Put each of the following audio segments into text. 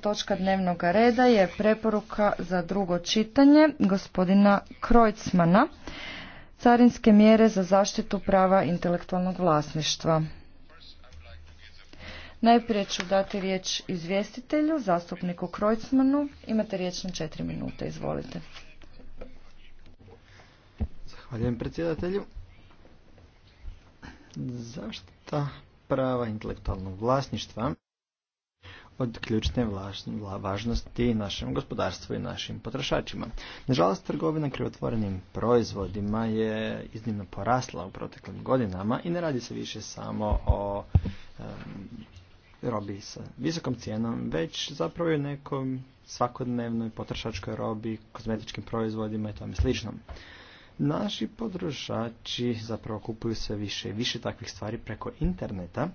točka dnevnog reda je preporuka za drugo čitanje gospodina Krojcmana, carinske mjere za zaštitu prava intelektualnog vlasništva. Najprije ću dati riječ izvjestitelju, zastupniku Krojcmanu. Imate riječ na četiri minute, izvolite. Zahvaljujem predsjedatelju. Zaštita prava intelektualnog vlasništva od ključne važnosti našem gospodarstvu i našim potrošačima. Nažalost, trgovina krivotvorenim proizvodima je iznimno porasla u proteklim godinama i ne radi se više samo o robi sa visokom cijenom, već zapravo i nekom svakodnevnoj potrošačkoj robi, kozmetičkim proizvodima i tome sličnom. Naši potrošači zapravo kupuju sve više i više takvih stvari preko interneta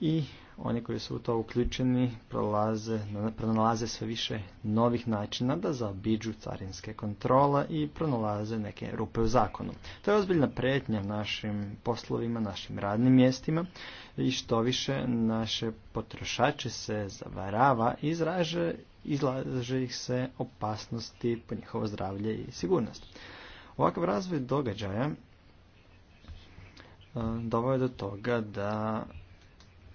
i oni koji su u to uključeni prolaze, pronalaze sve više novih načina da zaobiđu carinske kontrole i pronalaze neke rupe u zakonu. To je ozbiljna pretnja našim poslovima, našim radnim mjestima i što više naše potrošače se zavarava i izraže, izlaže ih se opasnosti po njihovo zdravlje i sigurnost. Ovakav razvoj događaja e, dovoje do toga da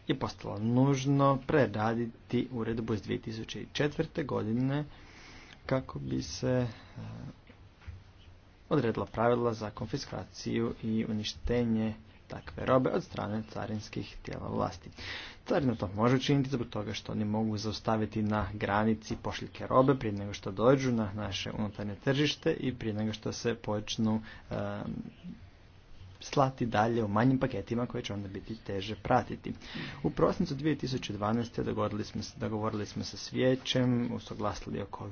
je postalo nužno preraditi uredbu iz 2004. godine kako bi se e, odredila pravila za konfiskaciju i uništenje takve robe od strane carinskih tijela vlasti. Carina to može učiniti zbog toga što oni mogu zaustaviti na granici pošljike robe prije nego što dođu na naše unutarnje tržište i prije nego što se počnu e, slati dalje u manjim paketima koje će onda biti teže pratiti. U prosincu 2012. dogovorili smo, dogovorili smo se Svijećem vijećem, usoglasili oko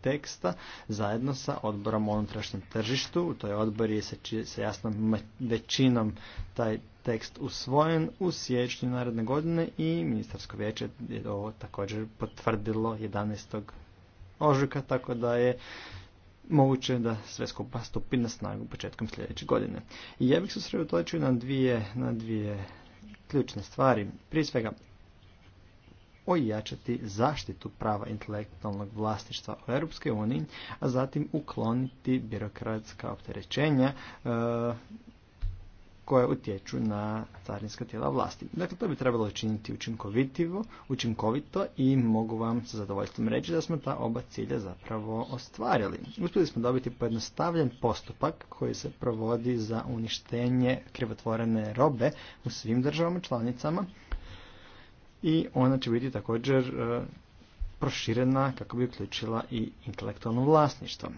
teksta zajedno sa odborom o unutrašnjem tržištu. U toj odbori je sa jasnom većinom taj tekst usvojen u siječnju naredne godine i ministarsko vijeće je ovo također potvrdilo 11. ožujka, tako da je moguće da sve skupa stupi na snagu početkom sljedeće godine. I ja bih se sredotočio na dvije, na dvije ključne stvari. Prije svega, ojačati zaštitu prava intelektualnog vlasništva u Europskoj uniji, a zatim ukloniti birokratska opterećenja e, koje utječu na carinska tijela vlasti. Dakle, to bi trebalo učiniti učinkovitivo, učinkovito i mogu vam sa zadovoljstvom reći da smo ta oba cilja zapravo ostvarili. Uspjeli smo dobiti pojednostavljen postupak koji se provodi za uništenje krivotvorene robe u svim državama članicama i ona će biti također e, proširena kako bi uključila i intelektualno vlasništvo.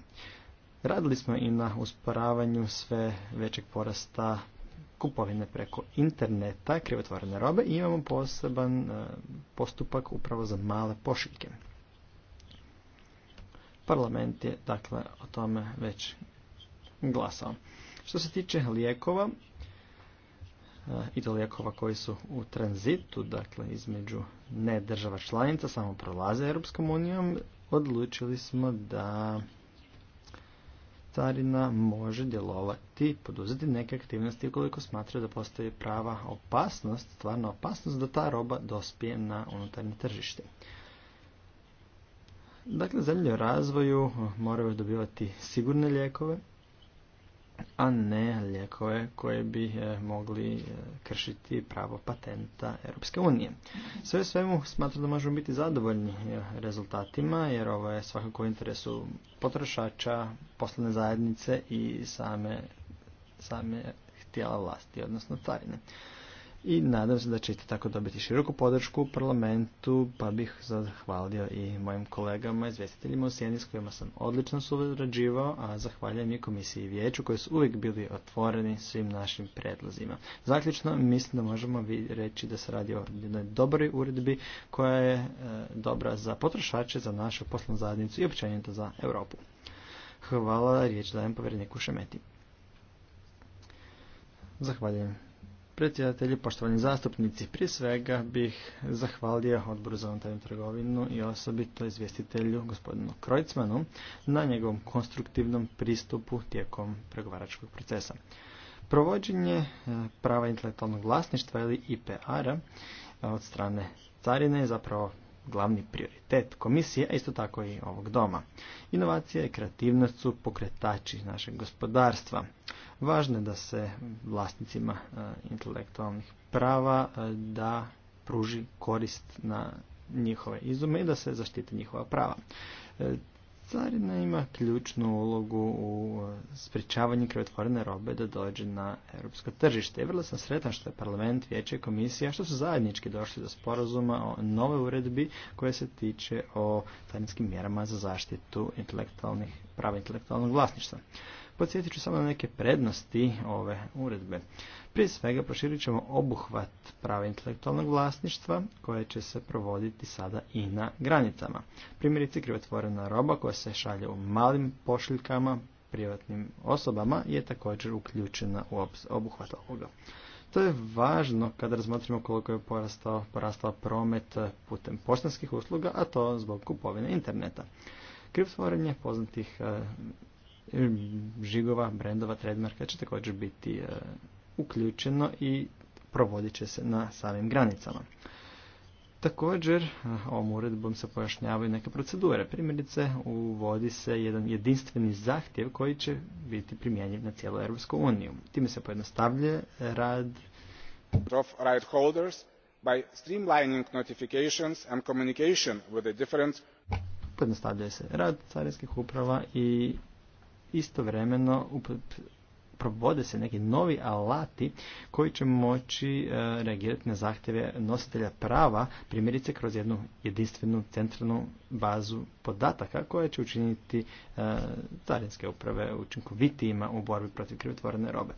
Radili smo i na usporavanju sve većeg porasta kupovine preko interneta krivotvorene robe i imamo poseban e, postupak upravo za male pošiljke. Parlament je dakle o tome već glasao. Što se tiče lijekova, e, i to lijekova koji su u tranzitu, dakle između ne država članica, samo prolaze Europskom unijom, odlučili smo da carina može djelovati, poduzeti neke aktivnosti ukoliko smatra da postoji prava opasnost, stvarna opasnost da ta roba dospije na unutarnje tržište. Dakle, zemlje u razvoju moraju dobivati sigurne lijekove, a ne lijekove koje bi eh, mogli eh, kršiti pravo patenta Europske unije. Sve svemu smatram da možemo biti zadovoljni eh, rezultatima jer ovo je svakako u interesu potrošača, poslovne zajednice i same, same tijela vlasti, odnosno tajne i nadam se da ćete tako dobiti široku podršku u parlamentu, pa bih zahvalio i mojim kolegama, izvjestiteljima u Sjeni s kojima sam odlično surađivao, a zahvaljujem i komisiji i vijeću koji su uvijek bili otvoreni svim našim predlozima. Zaključno, mislim da možemo reći da se radi o jednoj dobroj uredbi koja je e, dobra za potrošače, za našu poslovnu zajednicu i općenito za Europu. Hvala, riječ dajem povjereniku Šemeti. Zahvaljujem predsjedatelji, poštovani zastupnici. Prije svega bih zahvalio odboru za unutarnju trgovinu i osobito izvjestitelju gospodinu Krojcmanu na njegovom konstruktivnom pristupu tijekom pregovaračkog procesa. Provođenje e, prava intelektualnog vlasništva ili IPR-a od strane carine je zapravo glavni prioritet komisije, a isto tako i ovog doma. Inovacija i kreativnost su pokretači našeg gospodarstva. Važno je da se vlasnicima e, intelektualnih prava e, da pruži korist na njihove izume i da se zaštite njihova prava. E, Carina ima ključnu ulogu u e, sprječavanju krivotvorene robe da dođe na europsko tržište. I vrlo sam sretan što je parlament, vijeće i komisija što su zajednički došli do sporazuma o nove uredbi koje se tiče o carinskim mjerama za zaštitu prava intelektualnog vlasništva. Podsjetit ću samo na neke prednosti ove uredbe. Prije svega proširit ćemo obuhvat prava intelektualnog vlasništva koje će se provoditi sada i na granicama. Primjerice krivotvorena roba koja se šalje u malim pošiljkama privatnim osobama je također uključena u obuhvat ovoga. To je važno kada razmotrimo koliko je porastao, porastao promet putem poštanskih usluga, a to zbog kupovine interneta. Krivotvorenje poznatih eh, žigova, brendova, trademarka će također biti eh, uključeno i provodit će se na samim granicama. Također, ovom uredbom se pojašnjavaju neke procedure. Primjerice, uvodi se jedan jedinstveni zahtjev koji će biti primjenjiv na cijelu Europsku uniju. Time se pojednostavlja rad of right holders by streamlining notifications and communication with the different pojednostavljuje se rad carinskih uprava i istovremeno provode se neki novi alati koji će moći e, reagirati na zahtjeve nositelja prava, primjerice kroz jednu jedinstvenu centralnu bazu podataka koja će učiniti e, carinske uprave učinkovitijima u borbi protiv krivotvorene robe.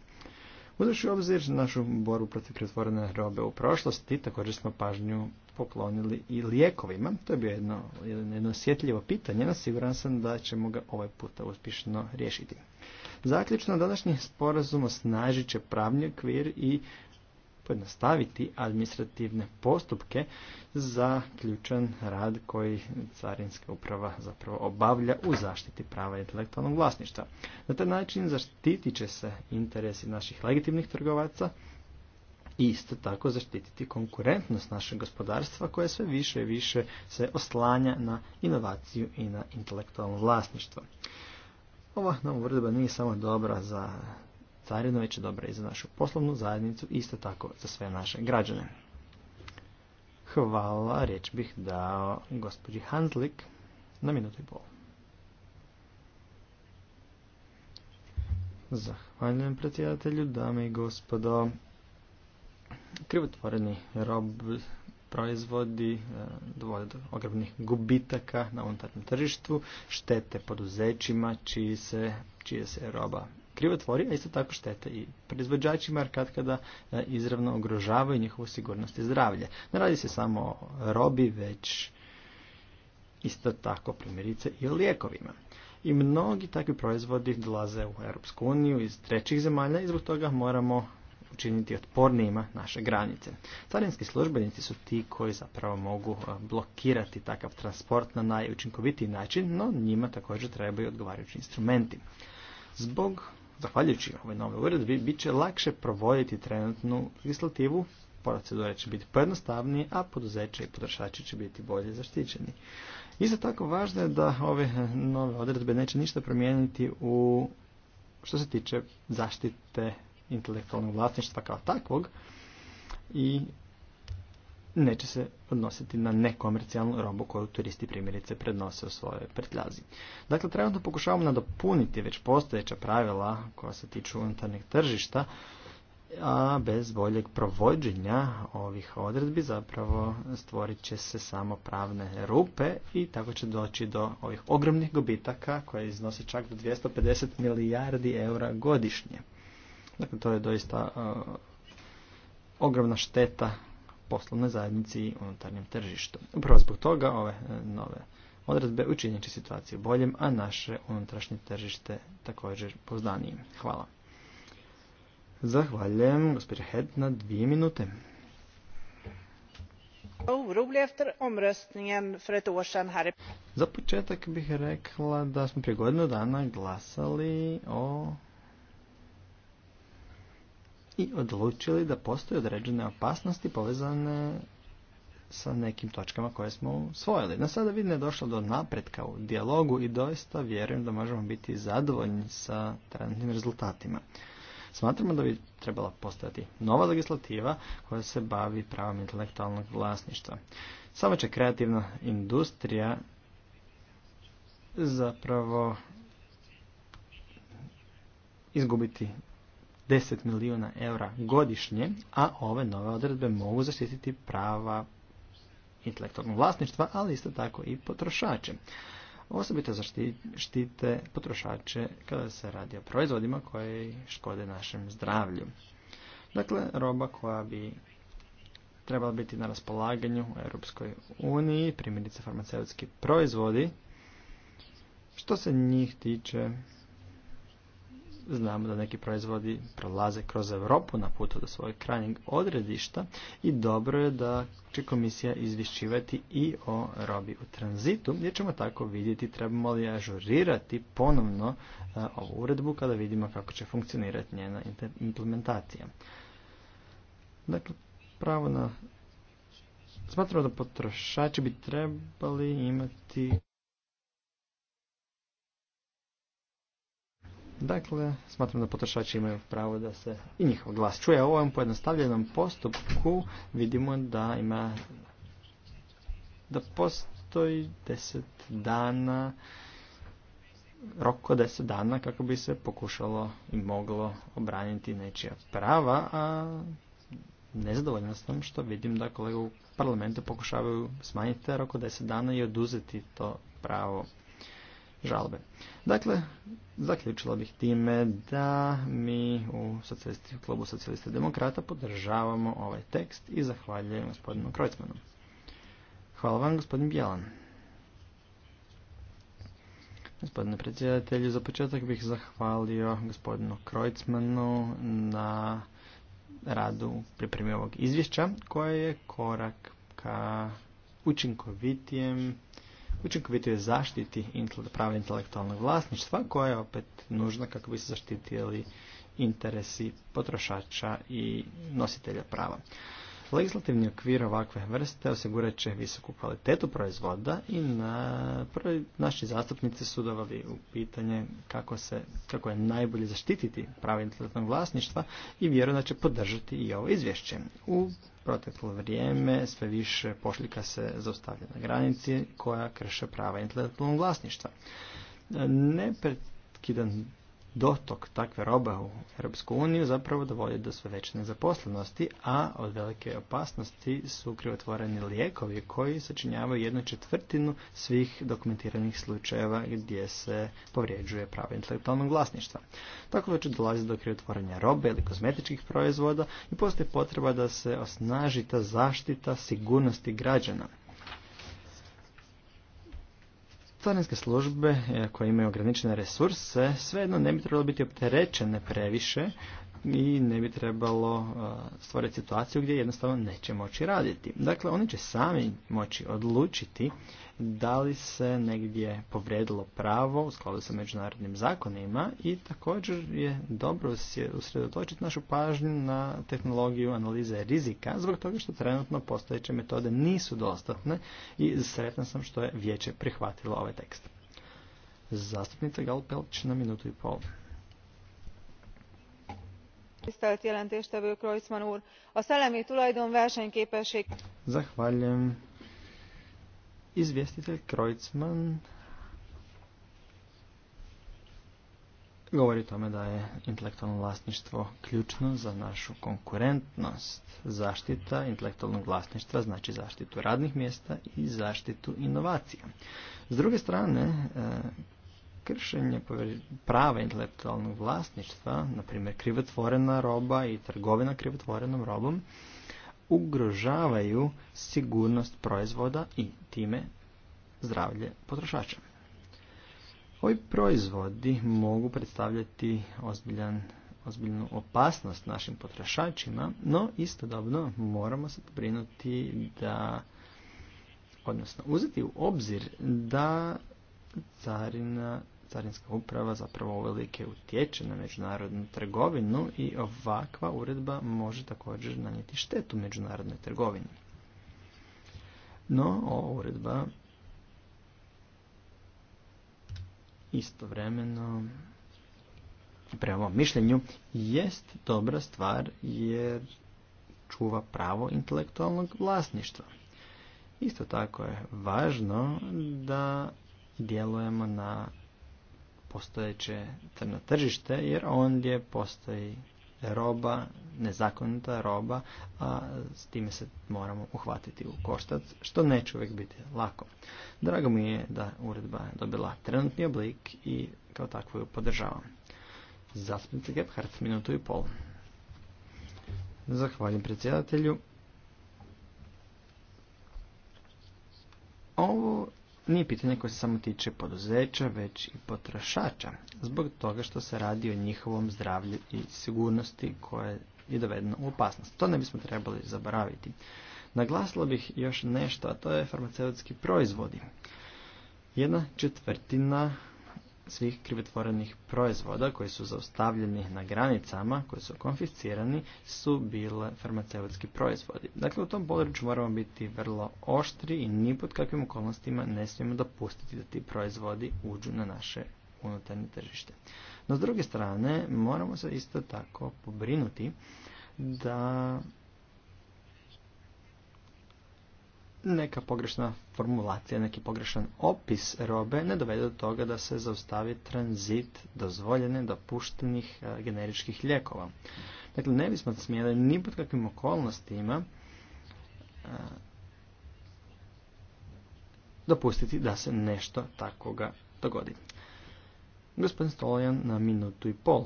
Uzavši obzir našu borbu protiv krivotvorene robe u prošlosti, također smo pažnju poklonili i lijekovima. To je bio jedno, jedno osjetljivo pitanje, no siguran sam da ćemo ga ovaj puta uspješno riješiti. Zaključno, današnji sporazum osnažit će pravni okvir i pojednostaviti administrativne postupke za ključan rad koji Carinska uprava zapravo obavlja u zaštiti prava intelektualnog vlasništva. Na taj način zaštitit će se interesi naših legitimnih trgovaca i isto tako zaštititi konkurentnost našeg gospodarstva koje sve više i više se oslanja na inovaciju i na intelektualno vlasništvo. Ova nova uredba nije samo dobra za carinu, već je dobra i za našu poslovnu zajednicu, isto tako za sve naše građane. Hvala, riječ bih dao gospođi Hanslik na minutu i pol. Zahvaljujem predsjedatelju, dame i gospodo. Krivotvoreni rob proizvodi e, dovode do ogromnih gubitaka na unutarnjem tržištu, štete poduzećima čiji se, čije se roba krivotvori, a isto tako štete i proizvođačima jer kad kada e, izravno ugrožavaju njihovu sigurnost i zdravlje. Ne radi se samo o robi, već isto tako primjerice i o lijekovima. I mnogi takvi proizvodi dolaze u Europsku uniju iz trećih zemalja i zbog toga moramo učiniti otpornijima naše granice. Carinski službenici su ti koji zapravo mogu blokirati takav transport na najučinkovitiji način, no njima također trebaju odgovarajući instrumenti. Zbog, zahvaljujući ove nove uredbi, bit će lakše provoditi trenutnu legislativu, procedure će biti pojednostavnije, a poduzeće i potrošači će biti bolje zaštićeni. Isto tako važno je da ove e, nove odredbe neće ništa promijeniti u što se tiče zaštite intelektualnog vlasništva kao takvog i neće se odnositi na nekomercijalnu robu koju turisti primjerice prednose u svojoj pretljazi. Dakle, trenutno pokušavamo nadopuniti već postojeća pravila koja se tiču unutarnjeg tržišta, a bez boljeg provođenja ovih odredbi zapravo stvorit će se samo pravne rupe i tako će doći do ovih ogromnih gubitaka koje iznose čak do 250 milijardi eura godišnje. Dakle, to je doista e, ogromna šteta poslovnoj zajednici i unutarnjem tržištu. Upravo zbog toga ove e, nove odredbe učinit će situaciju boljem, a naše unutrašnje tržište također poznanijim. Hvala. Zahvaljujem, gospođa Hedna na dvije minute. Za početak bih rekla da smo prije godinu dana glasali o i odlučili da postoje određene opasnosti povezane sa nekim točkama koje smo usvojili. Na sada vidim da je došlo do napretka u dijalogu i doista vjerujem da možemo biti zadovoljni sa trenutnim rezultatima. Smatramo da bi trebala postojati nova legislativa koja se bavi pravom intelektualnog vlasništva. Samo će kreativna industrija zapravo izgubiti 10 milijuna eura godišnje, a ove nove odredbe mogu zaštititi prava intelektualnog vlasništva, ali isto tako i potrošače. Osobito zaštite potrošače kada se radi o proizvodima koji škode našem zdravlju. Dakle, roba koja bi trebala biti na raspolaganju u Europskoj uniji, primjerice farmaceutski proizvodi, što se njih tiče, znamo da neki proizvodi prolaze kroz Europu na putu do svojeg krajnjeg odredišta i dobro je da će komisija izvješćivati i o robi u tranzitu gdje ćemo tako vidjeti trebamo li ažurirati ponovno e, ovu uredbu kada vidimo kako će funkcionirati njena implementacija. Dakle, pravo na... Smatramo da potrošači bi trebali imati Dakle, smatram da potrošači imaju pravo da se i njihov glas čuje. U ovom pojednostavljenom postupku vidimo da ima da postoji deset dana rok deset dana kako bi se pokušalo i moglo obraniti nečija prava, a nezadovoljna sam što vidim da kolege u parlamentu pokušavaju smanjiti roko rok od deset dana i oduzeti to pravo žalbe. Dakle, zaključila bih time da mi u klubu socijalista demokrata podržavamo ovaj tekst i zahvaljujem gospodinu Krojcmanu. Hvala vam, gospodin Bjelan. Gospodine predsjedatelju, za početak bih zahvalio gospodinu Krojcmanu na radu pripremi ovog izvješća koje je korak ka učinkovitijem učinkovitoj zaštiti prava intelektualnog vlasništva koja je opet nužna kako bi se zaštitili interesi potrošača i nositelja prava. Legislativni okvir ovakve vrste osigurat će visoku kvalitetu proizvoda i na, prvi, naši zastupnici su dovali u pitanje kako, se, kako je najbolje zaštititi pravo intelektualnog vlasništva i vjerujem da će podržati i ovo izvješće. U proteklo vrijeme sve više pošljika se zaustavlja na granici koja krše prava intelektualnog vlasništva. Ne prekidan dotok takve robe u Europsku uniju zapravo dovodi do sve veće nezaposlenosti, a od velike opasnosti su krivotvoreni lijekovi koji sačinjavaju jednu četvrtinu svih dokumentiranih slučajeva gdje se povrijeđuje pravo intelektualnog vlasništva. Tako već dolazi do krivotvorenja robe ili kozmetičkih proizvoda i postoji potreba da se osnaži ta zaštita sigurnosti građana Carinske službe e, koje imaju ograničene resurse svejedno ne bi trebalo biti opterećene previše i ne bi trebalo e, stvoriti situaciju gdje jednostavno neće moći raditi. Dakle, oni će sami moći odlučiti da li se negdje povrijedilo pravo u skladu sa međunarodnim zakonima i također je dobro usredotočiti našu pažnju na tehnologiju analize rizika zbog toga što trenutno postojeće metode nisu dostatne i sretan sam što je vijeće prihvatilo ovaj tekst. Zastupnica Galpelć na minutu i pol. Zahvaljujem Izvjestitelj Krojcman govori o tome da je intelektualno vlasništvo ključno za našu konkurentnost. Zaštita intelektualnog vlasništva znači zaštitu radnih mjesta i zaštitu inovacija. S druge strane, e, kršenje prava intelektualnog vlasništva, na primjer krivotvorena roba i trgovina krivotvorenom robom, ugrožavaju sigurnost proizvoda i time zdravlje potrošača. Ovi proizvodi mogu predstavljati ozbiljan, ozbiljnu opasnost našim potrošačima, no istodobno moramo se pobrinuti da, odnosno uzeti u obzir da carina carinska uprava zapravo uvelike utječe na međunarodnu trgovinu i ovakva uredba može također nanijeti štetu međunarodnoj trgovini. No, ova uredba istovremeno prema mišljenju jest dobra stvar jer čuva pravo intelektualnog vlasništva. Isto tako je važno da djelujemo na postojeće na tržište jer ondje postoji roba, nezakonita roba, a s time se moramo uhvatiti u koštac, što neće uvijek biti lako. Drago mi je da uredba je dobila trenutni oblik i kao takvu ju podržavam. Zastupnice Gebhardt, minutu i pol. Zahvaljujem predsjedatelju. Ovo nije pitanje koje se samo tiče poduzeća, već i potrošača, zbog toga što se radi o njihovom zdravlju i sigurnosti koje je dovedeno u opasnost. To ne bismo trebali zaboraviti. Naglasila bih još nešto, a to je farmaceutski proizvodi. Jedna četvrtina svih krivotvorenih proizvoda koji su zaustavljeni na granicama, koji su konfiscirani, su bile farmaceutski proizvodi. Dakle, u tom području moramo biti vrlo oštri i ni pod kakvim okolnostima ne smijemo dopustiti da ti proizvodi uđu na naše unutarnje tržište. No, s druge strane, moramo se isto tako pobrinuti da neka pogrešna formulacija, neki pogrešan opis robe ne dovede do toga da se zaustavi tranzit dozvoljene dopuštenih e, generičkih lijekova. Dakle, ne bismo smjeli ni pod kakvim okolnostima e, dopustiti da se nešto takoga dogodi. Gospodin Stolijan na minutu i pol.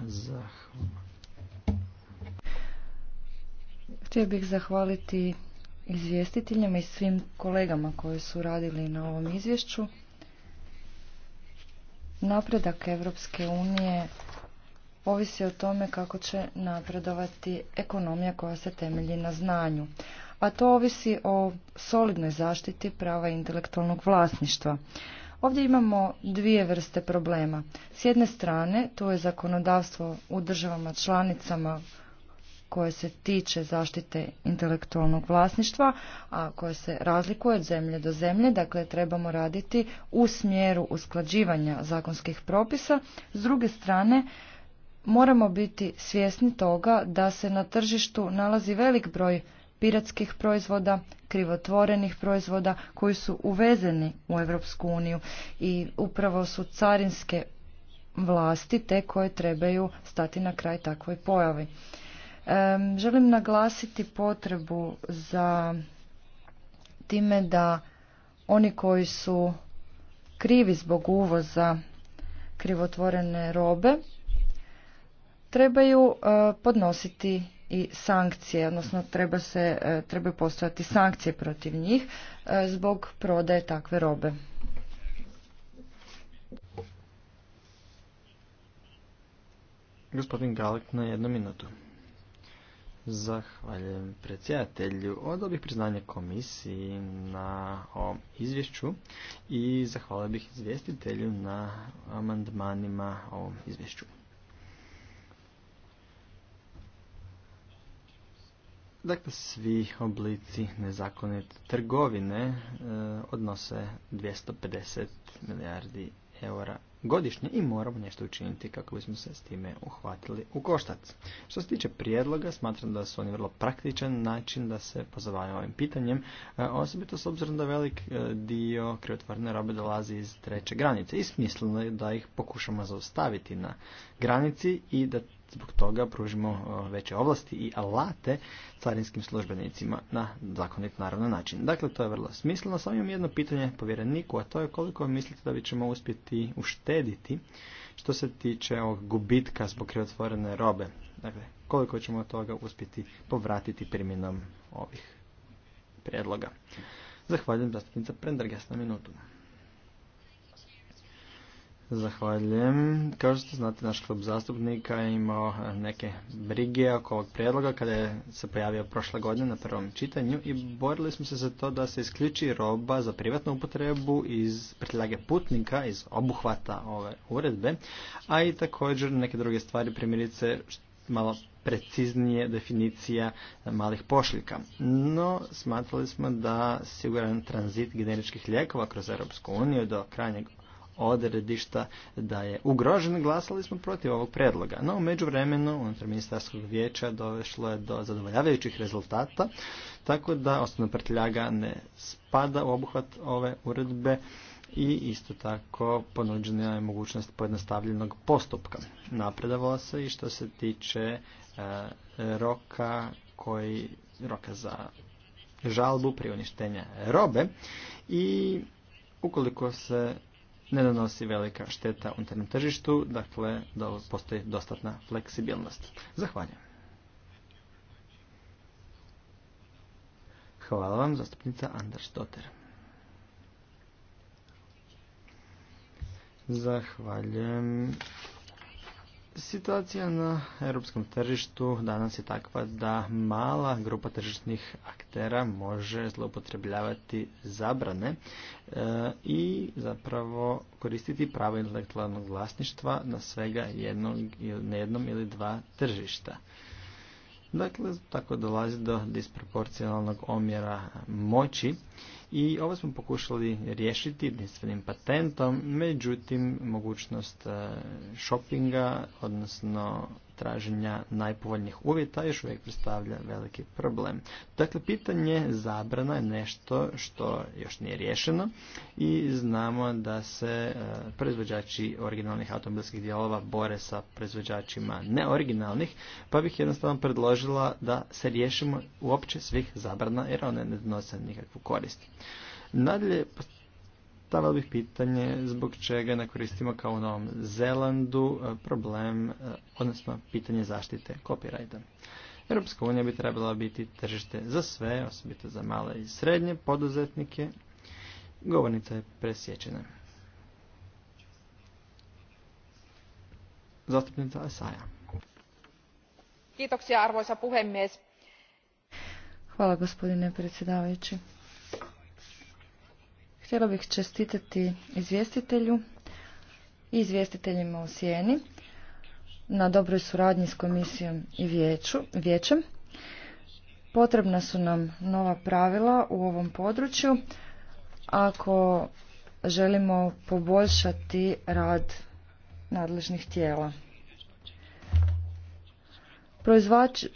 Zahvala. Htio bih zahvaliti izvjestiteljima i svim kolegama koji su radili na ovom izvješću. Napredak Europske unije ovisi o tome kako će napredovati ekonomija koja se temelji na znanju, a to ovisi o solidnoj zaštiti prava intelektualnog vlasništva. Ovdje imamo dvije vrste problema. S jedne strane, to je zakonodavstvo u državama članicama koje se tiče zaštite intelektualnog vlasništva, a koje se razlikuje od zemlje do zemlje, dakle trebamo raditi u smjeru usklađivanja zakonskih propisa. S druge strane, moramo biti svjesni toga da se na tržištu nalazi velik broj piratskih proizvoda, krivotvorenih proizvoda koji su uvezeni u Europsku uniju i upravo su carinske vlasti te koje trebaju stati na kraj takvoj pojavi. Želim naglasiti potrebu za time da oni koji su krivi zbog uvoza krivotvorene robe trebaju e, podnositi i sankcije, odnosno treba se, e, trebaju postojati sankcije protiv njih e, zbog prodaje takve robe. Gospodin Galik na jednu minutu. Zahvaljujem predsjedatelju. Odao bih priznanje komisiji na ovom izvješću i zahvalio bih izvjestitelju na amandmanima ovom izvješću. Dakle, svi oblici nezakonite trgovine e, odnose odnose 250 milijardi eura godišnje i moramo nešto učiniti kako bismo se s time uhvatili u koštac. Što se tiče prijedloga, smatram da su oni vrlo praktičan način da se pozabavimo ovim pitanjem, e, osobito s obzirom da velik e, dio krivotvorne robe dolazi iz treće granice i smisleno je da ih pokušamo zaustaviti na granici i da zbog toga pružimo e, veće ovlasti i alate carinskim službenicima na zakonit naravno način. Dakle, to je vrlo smisleno. Samo imam jedno pitanje povjereniku, a to je koliko mislite da bi ćemo uspjeti uštediti što se tiče ovog gubitka zbog krivotvorene robe. Dakle, koliko ćemo toga uspjeti povratiti primjenom ovih prijedloga. Zahvaljujem zastupnica Prendergast na minutu. Zahvaljujem. Kao što znate, naš klub zastupnika je imao neke brige oko ovog prijedloga kada je se pojavio prošle godine na prvom čitanju i borili smo se za to da se isključi roba za privatnu upotrebu iz prtljage putnika, iz obuhvata ove uredbe, a i također neke druge stvari, primjerice malo preciznije definicija malih pošljika. No, smatrali smo da siguran tranzit generičkih lijekova kroz Europsku uniju do krajnjeg odredišta da je ugrožen, glasali smo protiv ovog predloga. No, u međuvremenu, unutar ministarskog vijeća došlo je do zadovoljavajućih rezultata, tako da osnovna prtljaga ne spada u obuhvat ove uredbe i isto tako ponuđena je mogućnost pojednostavljenog postupka. Napredavalo se i što se tiče e, roka koji roka za žalbu prije uništenja robe i ukoliko se ne donosi velika šteta unutarnjem tržištu, dakle da postoji dostatna fleksibilnost. Zahvaljujem. Hvala vam, zastupnica Anders Doter. Zahvaljujem. Situacija na europskom tržištu danas je takva da mala grupa tržišnih aktera može zloupotrebljavati zabrane eh, i zapravo koristiti pravo intelektualnog vlasništva na svega jednog, jednom ili dva tržišta. Dakle, tako dolazi do disproporcionalnog omjera moći i ovo smo pokušali riješiti jedinstvenim patentom, međutim mogućnost e, shoppinga, odnosno traženja najpovoljnijih uvjeta još uvijek predstavlja veliki problem. Dakle, pitanje zabrana je nešto što još nije riješeno i znamo da se e, proizvođači originalnih automobilskih dijelova bore sa proizvođačima neoriginalnih, pa bih jednostavno predložila da se riješimo uopće svih zabrana jer one ne donose nikakvu korist. Nadalje, stavili bih pitanje zbog čega ne koristimo kao u Novom Zelandu e, problem, e, odnosno pitanje zaštite kopirajta. Europska unija bi trebala biti tržište za sve, osobito za male i srednje poduzetnike. Govornica je presječena. Zastupnica Asaja. Kiitoksia arvoisa puhemies. Hvala gospodine predsjedavajući. Htjela bih čestitati izvjestitelju i izvjestiteljima u Sijeni na dobroj suradnji s komisijom i vijeću, vijećem. Potrebna su nam nova pravila u ovom području ako želimo poboljšati rad nadležnih tijela.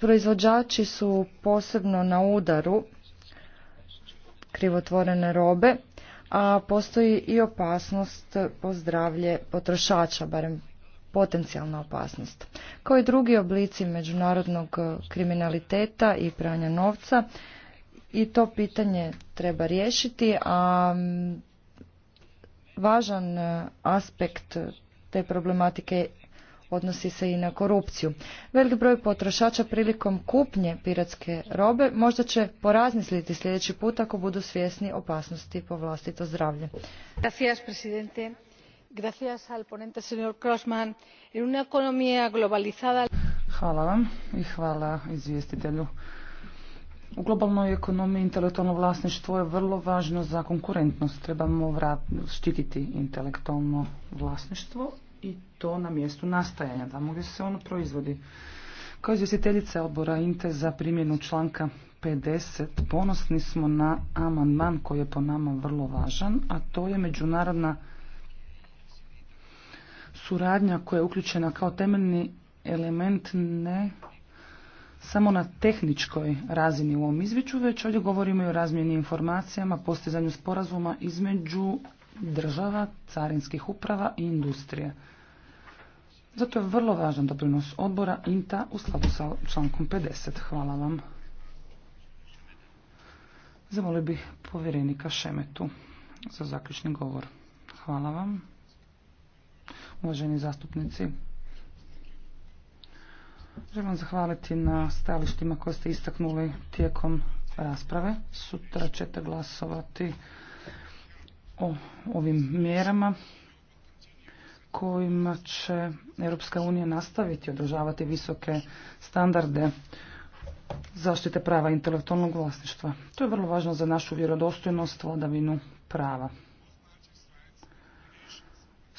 Proizvođači su posebno na udaru krivotvorene robe a postoji i opasnost po zdravlje potrošača, barem potencijalna opasnost. Kao i drugi oblici međunarodnog kriminaliteta i pranja novca, i to pitanje treba riješiti, a važan aspekt te problematike odnosi se i na korupciju. Velik broj potrošača prilikom kupnje piratske robe možda će porazmisliti sljedeći put ako budu svjesni opasnosti po vlastito zdravlje. Gracias, al ponente, señor Krosman. En una economía globalizada... Hvala vam i hvala izvjestitelju. U globalnoj ekonomiji intelektualno vlasništvo je vrlo važno za konkurentnost. Trebamo štititi intelektualno vlasništvo i to na mjestu nastajanja, tamo gdje se ono proizvodi. Kao izvjestiteljica odbora INTE za primjenu članka 50 ponosni smo na amandman koji je po nama vrlo važan, a to je međunarodna suradnja koja je uključena kao temeljni element ne samo na tehničkoj razini u ovom izvješću, već ovdje govorimo i o razmjeni informacijama, postizanju sporazuma između država, carinskih uprava i industrije. Zato je vrlo važan doprinos odbora INTA u slavu sa člankom 50. Hvala vam. Zamolio bih povjerenika Šemetu za zaključni govor. Hvala vam. Uvaženi zastupnici, Želim zahvaliti na stajalištima koje ste istaknuli tijekom rasprave. Sutra ćete glasovati o ovim mjerama kojima će Europska unija nastaviti održavati visoke standarde zaštite prava intelektualnog vlasništva. To je vrlo važno za našu vjerodostojnost, vladavinu prava.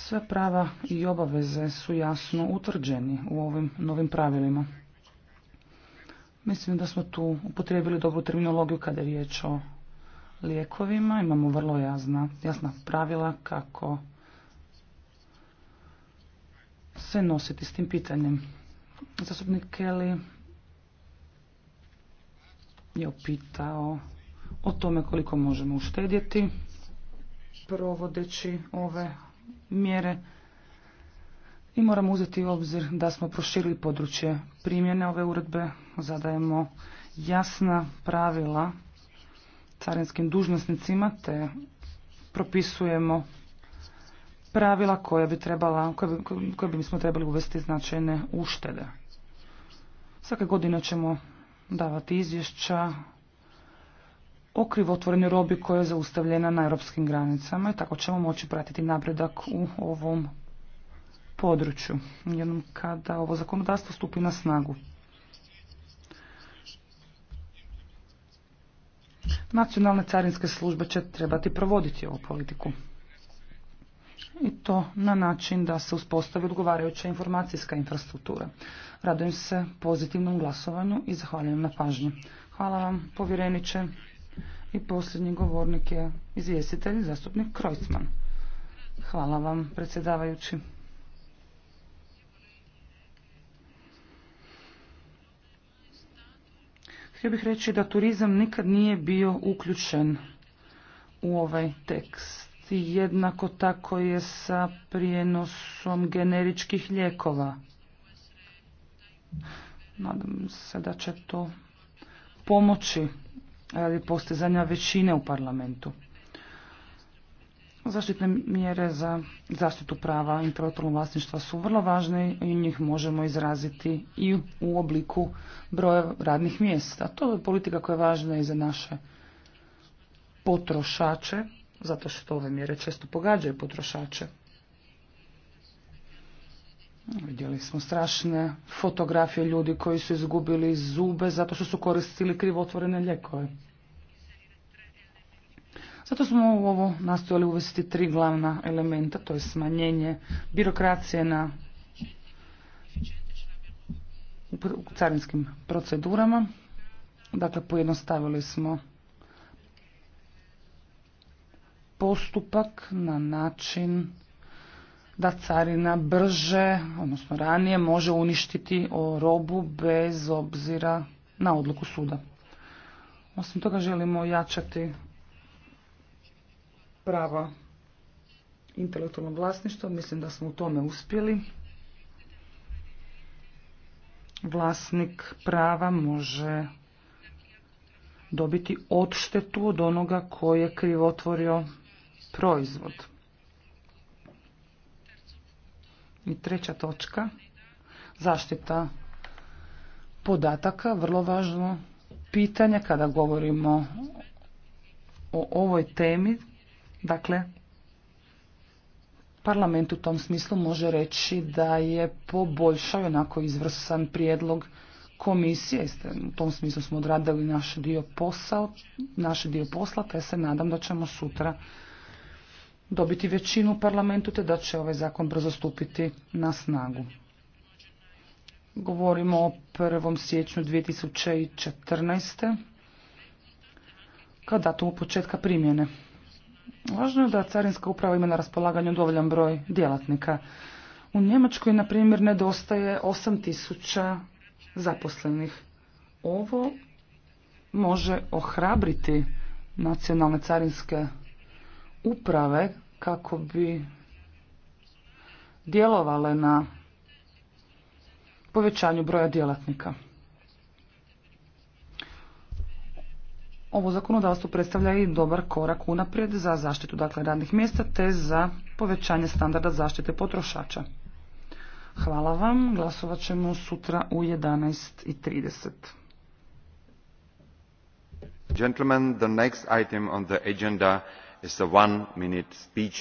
Sve prava i obaveze su jasno utvrđeni u ovim novim pravilima. Mislim da smo tu upotrijebili dobru terminologiju kada je riječ o lijekovima. Imamo vrlo jasna, jasna pravila kako se nositi s tim pitanjem. Zastupnik Kelly je opitao o tome koliko možemo uštedjeti provodeći ove mjere i moramo uzeti u obzir da smo proširili područje primjene ove uredbe, zadajemo jasna pravila carinskim dužnosnicima te propisujemo pravila koja bi trebala, koje bi, smo trebali uvesti značajne uštede. Svake godine ćemo davati izvješća o krivotvorenju robi koja je zaustavljena na europskim granicama i tako ćemo moći pratiti napredak u ovom području, jednom kada ovo zakonodavstvo stupi na snagu. Nacionalne carinske službe će trebati provoditi ovu politiku. I to na način da se uspostavi odgovarajuća informacijska infrastruktura. Radujem se pozitivnom glasovanju i zahvaljujem na pažnji. Hvala vam, povjereniče. I posljednji govornik je izvjestitelj, zastupnik Krojcman. Hvala vam, predsjedavajući. Htio bih reći da turizam nikad nije bio uključen u ovaj tekst. Jednako tako je sa prijenosom generičkih lijekova. Nadam se da će to pomoći radi postizanja većine u parlamentu. Zaštitne mjere za zaštitu prava i intelektualnog vlasništva su vrlo važne i njih možemo izraziti i u obliku broja radnih mjesta. To je politika koja je važna i za naše potrošače, zato što ove mjere često pogađaju potrošače. Vidjeli smo strašne fotografije ljudi koji su izgubili zube zato što su koristili krivotvorene ljekove. Zato smo u ovo nastojali uvesti tri glavna elementa, to je smanjenje birokracije na carinskim procedurama. Dakle, pojednostavili smo postupak na način da carina brže, odnosno ranije, može uništiti robu bez obzira na odluku suda. Osim toga želimo jačati prava intelektualnog vlasništva. Mislim da smo u tome uspjeli. Vlasnik prava može dobiti odštetu od onoga koji je krivotvorio proizvod. I treća točka, zaštita podataka, vrlo važno pitanje kada govorimo o ovoj temi. Dakle, parlament u tom smislu može reći da je poboljšao onako izvrsan prijedlog komisije. U tom smislu smo odradili naš dio, posla, naš dio posla, te se nadam da ćemo sutra dobiti većinu u parlamentu te da će ovaj zakon brzo stupiti na snagu. Govorimo o 1. siječnju 2014. kao datumu početka primjene. Važno je da Carinska uprava ima na raspolaganju dovoljan broj djelatnika. U Njemačkoj, na primjer, nedostaje 8000 zaposlenih. Ovo može ohrabriti nacionalne carinske uprave kako bi djelovale na povećanju broja djelatnika. Ovo zakonodavstvo predstavlja i dobar korak unaprijed za zaštitu dakle, radnih mjesta te za povećanje standarda zaštite potrošača. Hvala vam, glasovat ćemo sutra u 11.30. Gentlemen, the next item on the agenda is a one minute speech.